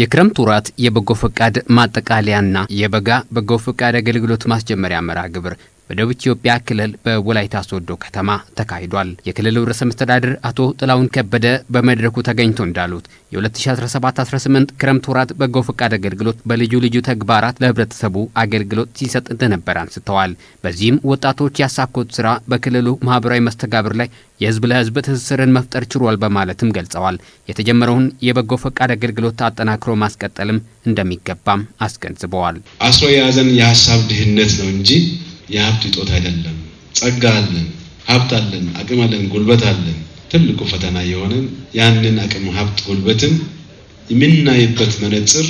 የክረምት ወራት የበጎ ፈቃድ ማጠቃለያና የበጋ በጎ ፈቃድ አገልግሎት ማስጀመሪያ መርሃ ግብር በደቡብ ኢትዮጵያ ክልል በወላይታ ሶዶ ከተማ ተካሂዷል። የክልሉ ርዕሰ መስተዳድር አቶ ጥላሁን ከበደ በመድረኩ ተገኝቶ እንዳሉት የ2017/18 ክረምት ወራት በጎ ፈቃድ አገልግሎት በልዩ ልዩ ተግባራት ለህብረተሰቡ አገልግሎት ሲሰጥ እንደነበር አንስተዋል። በዚህም ወጣቶች ያሳኮት ስራ በክልሉ ማህበራዊ መስተጋብር ላይ የህዝብ ለህዝብ ትስስርን መፍጠር ችሏል በማለትም ገልጸዋል። የተጀመረውን የበጎ ፈቃድ አገልግሎት አጠናክሮ ማስቀጠልም እንደሚገባም አስገንዝበዋል። አስሮ የያዘን የሀሳብ ድህነት ነው እንጂ የሀብት እጦት አይደለም። ጸጋ አለን፣ ሀብት አለን፣ አቅም አለን፣ ጉልበት አለን። ትልቁ ፈተና የሆነን ያንን አቅም ሀብት ጉልበትን የምናይበት መነጽር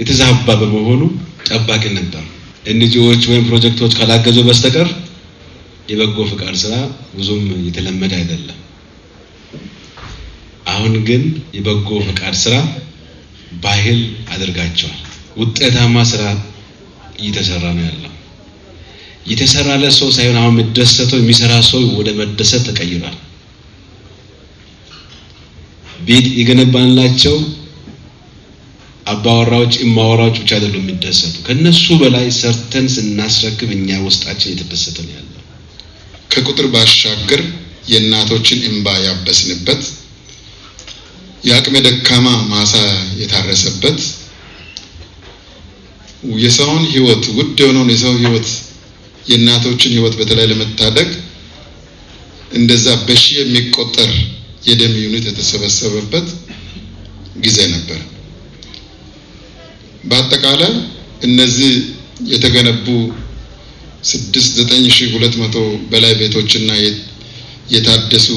የተዛባ በመሆኑ ጠባቂ ነበር። ኤንጂኦዎች ወይም ፕሮጀክቶች ካላገዙ በስተቀር የበጎ ፍቃድ ስራ ብዙም የተለመደ አይደለም። አሁን ግን የበጎ ፍቃድ ስራ ባህል አድርጋቸዋል። ውጤታማ ስራ እየተሰራ ነው ያለው። የተሰራለት ሰው ሳይሆን አሁን የሚደሰተው የሚሰራ ሰው ወደ መደሰት ተቀይሯል። ቤት የገነባንላቸው አባወራዎች እማወራዎች ብቻ አይደሉም የሚደሰቱ ከነሱ በላይ ሰርተን ስናስረክብ እኛ ውስጣችን የተደሰተ ነው ያለው። ከቁጥር ባሻገር የእናቶችን እንባ ያበስንበት፣ የአቅመ ደካማ ማሳ የታረሰበት፣ የሰውን ህይወት ውድ የሆነውን የሰው ህይወት የእናቶችን ህይወት በተለይ ለመታደግ እንደዛ በሺ የሚቆጠር የደም ዩኒት የተሰበሰበበት ጊዜ ነበር። በአጠቃላይ እነዚህ የተገነቡ 69200 በላይ ቤቶችና የታደሱ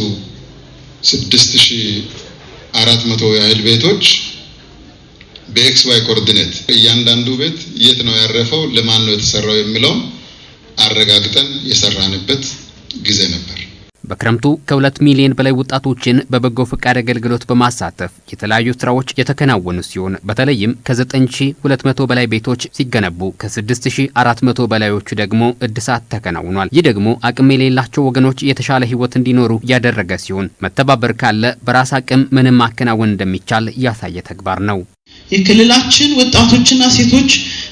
6400 ያህል ቤቶች በኤክስ ዋይ ኮርዲኔት እያንዳንዱ ቤት የት ነው ያረፈው፣ ለማን ነው የተሰራው የሚለውም አረጋግጠን የሰራንበት ጊዜ ነበር። በክረምቱ ከሁለት ሚሊዮን በላይ ወጣቶችን በበጎ ፈቃድ አገልግሎት በማሳተፍ የተለያዩ ስራዎች የተከናወኑ ሲሆን በተለይም ከ9200 በላይ ቤቶች ሲገነቡ ከ6400 በላዮቹ ደግሞ እድሳት ተከናውኗል። ይህ ደግሞ አቅም የሌላቸው ወገኖች የተሻለ ህይወት እንዲኖሩ ያደረገ ሲሆን መተባበር ካለ በራስ አቅም ምንም ማከናወን እንደሚቻል ያሳየ ተግባር ነው። የክልላችን ወጣቶችና ሴቶች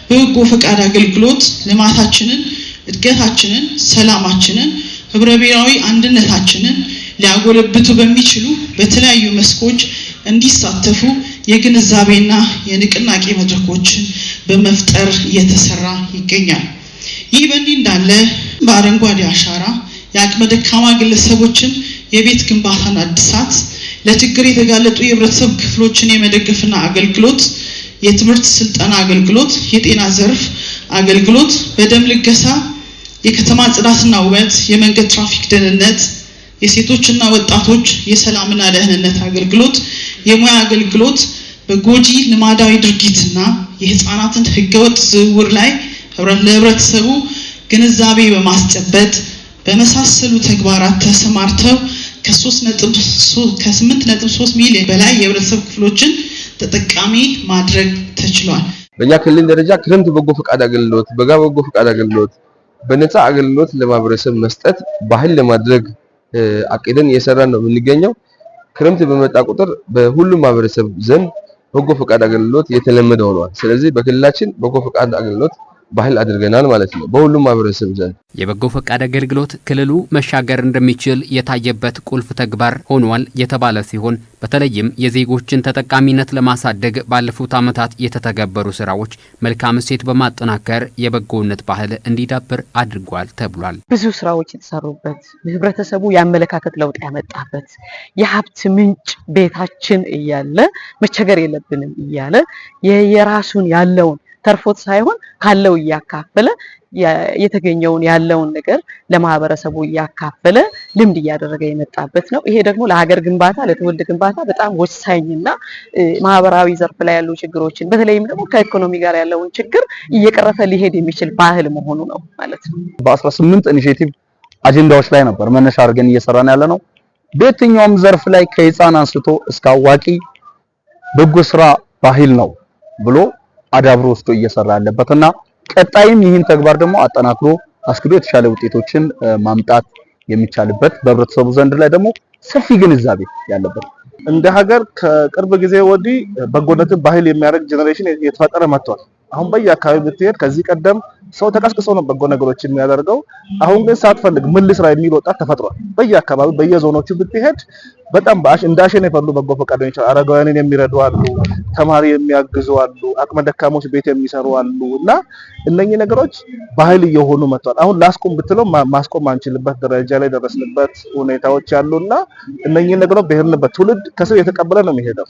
በበጎ ፈቃድ አገልግሎት ልማታችንን እድገታችንን፣ ሰላማችንን፣ ህብረ ብሔራዊ አንድነታችንን ሊያጎለብቱ በሚችሉ በተለያዩ መስኮች እንዲሳተፉ የግንዛቤና የንቅናቄ መድረኮችን በመፍጠር እየተሰራ ይገኛል። ይህ በእንዲህ እንዳለ በአረንጓዴ አሻራ የአቅመ ደካማ ግለሰቦችን የቤት ግንባታና እድሳት፣ ለችግር የተጋለጡ የህብረተሰብ ክፍሎችን የመደገፍና አገልግሎት፣ የትምህርት ስልጠና አገልግሎት፣ የጤና ዘርፍ አገልግሎት፣ በደም ልገሳ የከተማ ጽዳትና ውበት፣ የመንገድ ትራፊክ ደህንነት፣ የሴቶችና ወጣቶች የሰላምና ደህንነት አገልግሎት፣ የሙያ አገልግሎት በጎጂ ልማዳዊ ድርጊትና የህፃናትን ህገወጥ ዝውውር ላይ ለህብረተሰቡ ግንዛቤ በማስጨበጥ በመሳሰሉ ተግባራት ተሰማርተው ከ8.3 ሚሊዮን በላይ የህብረተሰብ ክፍሎችን ተጠቃሚ ማድረግ ተችሏል። በእኛ ክልል ደረጃ ክረምት በጎ ፈቃድ አገልግሎት፣ በጋ በጎ ፈቃድ አገልግሎት በነፃ አገልግሎት ለማህበረሰብ መስጠት ባህል ለማድረግ አቅደን እየሰራን ነው የምንገኘው። ክረምት በመጣ ቁጥር በሁሉም ማህበረሰብ ዘንድ በጎ ፈቃድ አገልግሎት የተለመደ ሆኗል። ስለዚህ በክልላችን በጎ ፈቃድ አገልግሎት ባህል አድርገናል ማለት ነው በሁሉም ማህበረሰብ ዘንድ። የበጎ ፈቃድ አገልግሎት ክልሉ መሻገር እንደሚችል የታየበት ቁልፍ ተግባር ሆኗል የተባለ ሲሆን በተለይም የዜጎችን ተጠቃሚነት ለማሳደግ ባለፉት ዓመታት የተተገበሩ ስራዎች መልካም እሴት በማጠናከር የበጎነት ባህል እንዲዳብር አድርጓል ተብሏል። ብዙ ስራዎች የተሰሩበት ህብረተሰቡ የአመለካከት ለውጥ ያመጣበት የሀብት ምንጭ ቤታችን እያለ መቸገር የለብንም እያለ የራሱን ያለውን ተርፎት ሳይሆን ካለው እያካፈለ የተገኘውን ያለውን ነገር ለማህበረሰቡ እያካፈለ ልምድ እያደረገ የመጣበት ነው። ይሄ ደግሞ ለሀገር ግንባታ ለትውልድ ግንባታ በጣም ወሳኝና ማህበራዊ ዘርፍ ላይ ያሉ ችግሮችን በተለይም ደግሞ ከኢኮኖሚ ጋር ያለውን ችግር እየቀረፈ ሊሄድ የሚችል ባህል መሆኑ ነው ማለት ነው። በአስራ ስምንት ኢኒሼቲቭ አጀንዳዎች ላይ ነበር መነሻ አድርገን እየሰራን ያለ ነው። በየትኛውም ዘርፍ ላይ ከህፃን አንስቶ እስከ አዋቂ በጎ ስራ ባህል ነው ብሎ አዳብሮ ወስዶ እየሰራ ያለበት ቀጣይም ይህን ተግባር ደግሞ አጠናክሮ አስክዶ የተሻለ ውጤቶችን ማምጣት የሚቻልበት በህብረተሰቡ ዘንድ ላይ ደግሞ ሰፊ ግንዛቤ ያለበት እንደ ሀገር ከቅርብ ጊዜ ወዲህ በጎነትን ባህል የሚያደርግ ጄኔሬሽን የተፈጠረ መጥቷል። አሁን በየአካባቢ ብትሄድ ከዚህ ቀደም ሰው ተቀስቅሶ ነው በጎ ነገሮችን የሚያደርገው። አሁን ግን ሳትፈልግ ምን ልስራ የሚል ወጣት ተፈጥሯል። በየአካባቢ በየዞኖቹ ብትሄድ በጣም በአሽ እንዳሸን የፈሉ በጎ ፈቃደኞች አረጋውያንን የሚረዱ አሉ፣ ተማሪ የሚያግዙ አሉ፣ አቅመ ደካሞች ቤት የሚሰሩ አሉ። እና እነኚህ ነገሮች ባህል እየሆኑ መጥቷል። አሁን ላስቆም ብትለው ማስቆም አንችልበት ደረጃ ላይ ደረስንበት ሁኔታዎች አሉና እነኚህ ነገሮች በሄድንበት ትውልድ ከስር የተቀበለ ነው የሚሄደው።